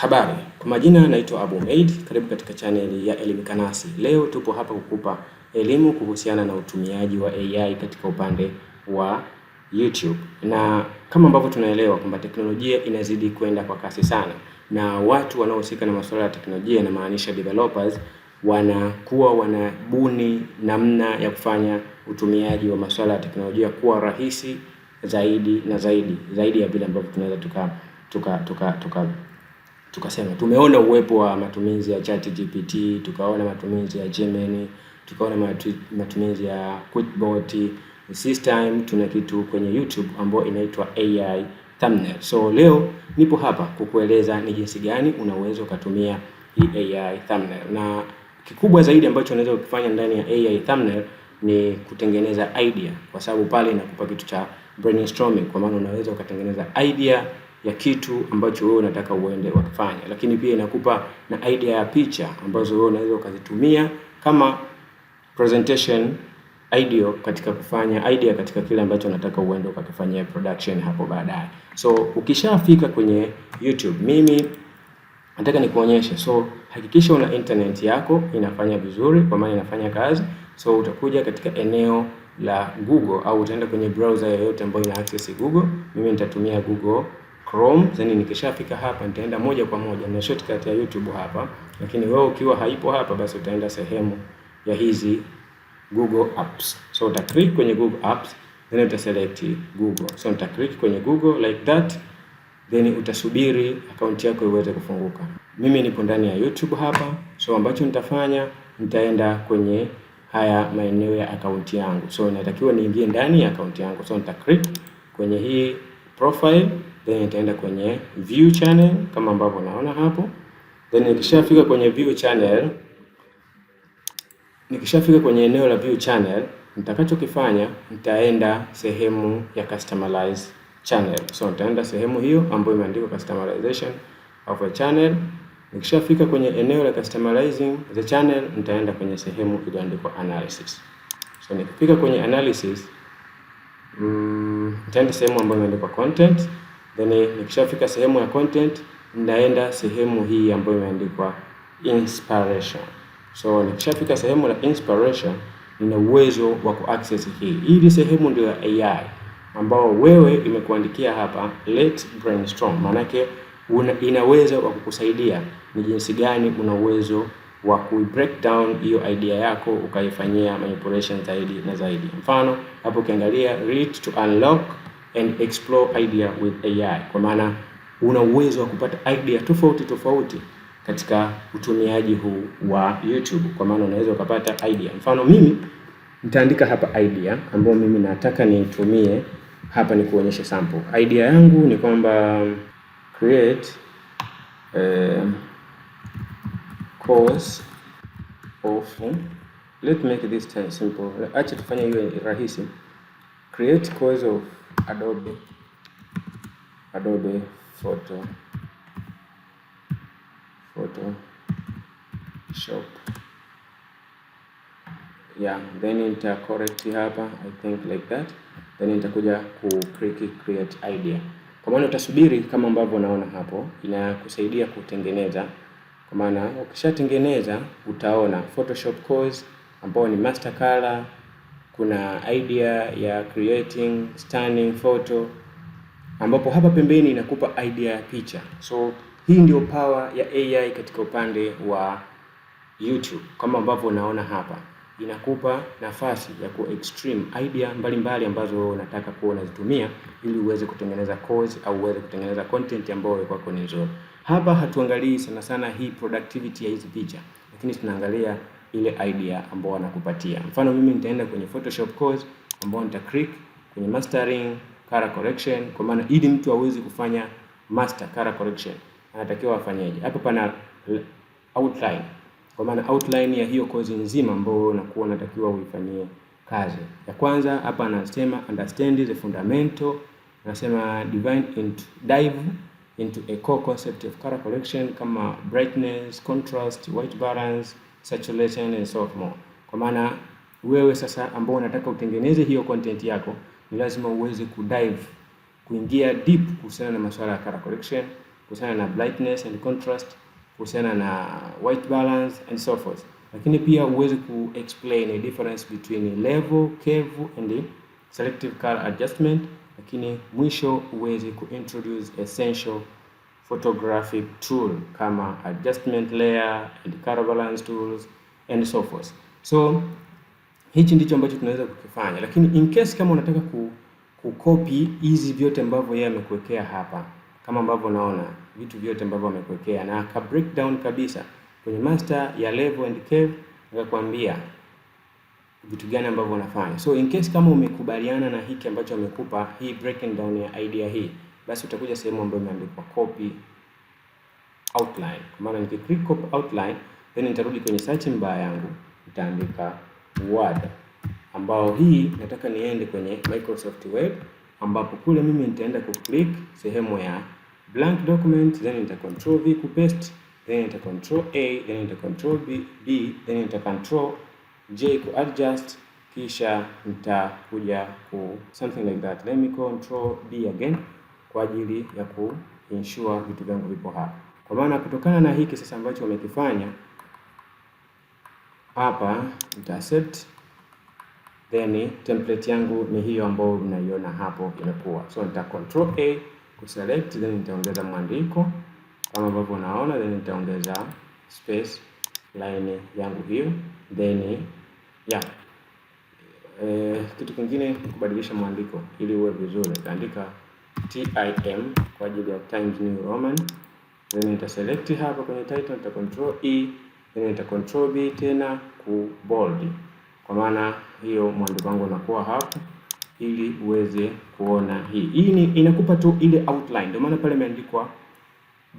Habari, kwa majina naitwa Abu Maid, Karibu katika chaneli ya Elimu Kanasi. Leo tupo hapa kukupa elimu kuhusiana na utumiaji wa AI katika upande wa YouTube, na kama ambavyo tunaelewa kwamba teknolojia inazidi kwenda kwa kasi sana, na watu wanaohusika na masuala ya teknolojia, namaanisha developers, wanakuwa wanabuni namna ya kufanya utumiaji wa masuala ya teknolojia kuwa rahisi zaidi na zaidi zaidi ya vile ambavyo tunaweza tuka tuka tuka, tuka tukasema tumeona uwepo wa matumizi ya ChatGPT, tukaona matumizi ya Gemini, tukaona matumizi ya QuickBot. This time tuna kitu kwenye YouTube ambayo inaitwa AI thumbnail. So leo nipo hapa kukueleza ni jinsi gani unaweza ukatumia hii AI thumbnail, na kikubwa zaidi ambacho unaweza kufanya ndani ya AI thumbnail ni kutengeneza idea, kwa sababu pale inakupa kitu cha brainstorming, kwa maana unaweza ukatengeneza idea ya kitu ambacho wewe unataka uende wakifanya, lakini pia inakupa na idea ya picha ambazo wewe unaweza ukazitumia kama presentation idea katika kufanya idea katika kile ambacho unataka uende ukakifanyia production hapo baadaye. So ukishafika kwenye YouTube, mimi nataka nikuonyeshe. So hakikisha una internet yako inafanya vizuri, kwa maana inafanya kazi. So utakuja katika eneo la Google au utaenda kwenye browser yoyote ambayo ina access Google. Mimi nitatumia Google Chrome, then nikishafika hapa nitaenda moja kwa moja na shortcut ya YouTube hapa, lakini wewe ukiwa haipo hapa, basi utaenda sehemu ya hizi Google Apps. So uta click kwenye Google Apps, then uta select Google. So uta click kwenye Google like that, then utasubiri akaunti yako iweze kufunguka. Mimi nipo ndani ya YouTube hapa, so ambacho nitafanya nitaenda kwenye haya maeneo ya akaunti yangu, so inatakiwa niingie ndani ya akaunti yangu, so nita click kwenye hii profile then itaenda kwenye view channel kama ambavyo unaona hapo, then nikishafika kwenye view channel, nikishafika kwenye eneo la view channel, nitakachokifanya nitaenda sehemu ya customize channel. So nitaenda sehemu hiyo ambayo imeandikwa customization of a channel. Nikishafika kwenye eneo la customizing the channel, nitaenda kwenye sehemu iliyoandikwa analysis. So nikifika kwenye analysis, mm, nitaenda sehemu ambayo imeandikwa content Then eh, nikishafika sehemu ya content, ndaenda sehemu hii ambayo imeandikwa inspiration. So nikishafika sehemu la inspiration, nina uwezo wa kuaccess hii. Hii sehemu ndio ya AI ambao wewe imekuandikia hapa let brainstorm, maanake inaweza wa kukusaidia ni jinsi gani una uwezo wa ku break down hiyo idea yako ukaifanyia manipulation zaidi na zaidi. Mfano hapo ukiangalia read to unlock and explore idea with AI, kwa maana una uwezo wa kupata idea tofauti tofauti katika utumiaji huu wa YouTube, kwa maana unaweza ukapata idea. Mfano mimi nitaandika hapa idea ambayo mimi nataka nitumie hapa, ni kuonyesha sample idea yangu ni kwamba create eh, course of let make this time simple, acha tufanye hiyo rahisi, create course of Adobe Adobe Photo Photo Shop. yeah, then nita correct hapa I think like that, then nitakuja ku click create idea. Kwa maana utasubiri kama ambavyo unaona hapo, inakusaidia kutengeneza. Kwa maana ukishatengeneza utaona Photoshop course ambayo ni master color kuna idea ya creating stunning photo, ambapo hapa pembeni inakupa idea ya picha. So hii ndio power ya AI katika upande wa YouTube, kama ambavyo unaona hapa inakupa nafasi ya ku extreme idea mbalimbali mbali ambazo unataka kuwa unazitumia ili uweze kutengeneza course au uweze kutengeneza content ambayo kwako ni nzuri. Hapa hatuangalii sana sana hii productivity ya hizi picha, lakini tunaangalia ile idea ambao wanakupatia. Mfano mimi nitaenda kwenye Photoshop course ambao nita click kwenye mastering, color correction, kwa maana ili mtu aweze kufanya master color correction anatakiwa afanyeje? Hapa pana outline, kwa maana outline ya hiyo course nzima ambayo wewe unakuwa unatakiwa uifanyie kazi. Ya kwanza hapa anasema understand the fundamental, anasema divine into dive into a core concept of color correction kama brightness, contrast, white balance saturation and so more. Kwa maana wewe sasa ambao unataka utengeneze hiyo content yako ni lazima uweze kudive kuingia deep kuhusiana na masuala ya color correction, kuhusiana na brightness and contrast, kuhusiana na white balance and so forth. Lakini pia uweze ku explain the difference between level, curve and selective color adjustment, lakini mwisho uweze ku introduce essential photographic tool kama adjustment layer and balance tools and so forth. So hichi ndicho ambacho tunaweza kukifanya, lakini in case kama unataka ku kukopi hizi vyote ambavyo yeye amekuwekea hapa, kama ambavyo unaona vitu vyote ambavyo amekuwekea na aka breakdown kabisa kwenye master ya level and curve, akakwambia vitu gani ambavyo unafanya. So in case kama umekubaliana na hiki ambacho amekupa hii breaking down ya idea hii basi utakuja sehemu ambayo imeandikwa copy outline. Kwa maana nikiclick copy outline, then nitarudi kwenye search bar yangu, nitaandika Word, ambao hii nataka niende kwenye Microsoft Word, ambapo kule mimi nitaenda kuclick sehemu ya blank document, then nita control v paste, then nita control a, then nita control b, b then nita control j ku adjust kisha nitakuja ku something like that. Let me control D again kwa ajili ya ensure vitu vyangu vipo hapa. Kwa maana kutokana na hiki sasa ambacho wamekifanya hapa, nita accept then template yangu ni hiyo ambayo unaiona hapo imekuwa. So nita control A ku select then nitaongeza mwandiko kama ambavyo unaona, then nitaongeza space line yangu hiyo then yeah. Eh, kitu kingine kubadilisha mwandiko ili uwe vizuri, nitaandika tim kwa ajili ya Times New Roman, then nita select hapa kwenye title, nita control e, then nita control b tena ku bold, kwa maana hiyo mwandiko wangu unakuwa hapa ili uweze kuona hii. Hii ni inakupa tu ile outline, ndio maana pale imeandikwa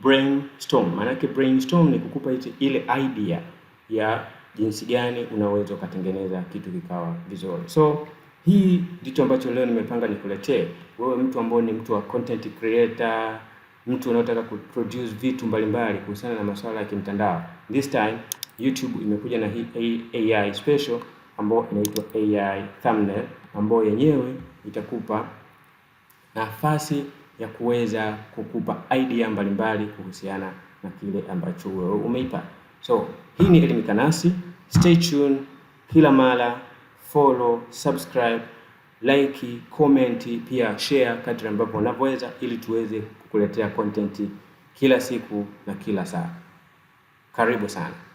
brainstorm. Maana yake brainstorm ni kukupa ile idea ya jinsi gani unaweza ukatengeneza kitu kikawa vizuri so hii ndicho ambacho leo nimepanga nikuletee wewe, mtu ambaye ni mtu wa content creator, mtu unayotaka kuproduce vitu mbalimbali kuhusiana na masuala ya kimtandao. This time YouTube imekuja na hii AI special ambayo inaitwa AI thumbnail, ambayo yenyewe itakupa nafasi ya kuweza kukupa idea mbalimbali kuhusiana na kile ambacho wewe umeipa. So hii ni Elimika Nasi, stay tuned kila mara follow, subscribe, like, comment, pia share kadri ambavyo unavyoweza, ili tuweze kukuletea content kila siku na kila saa. Karibu sana.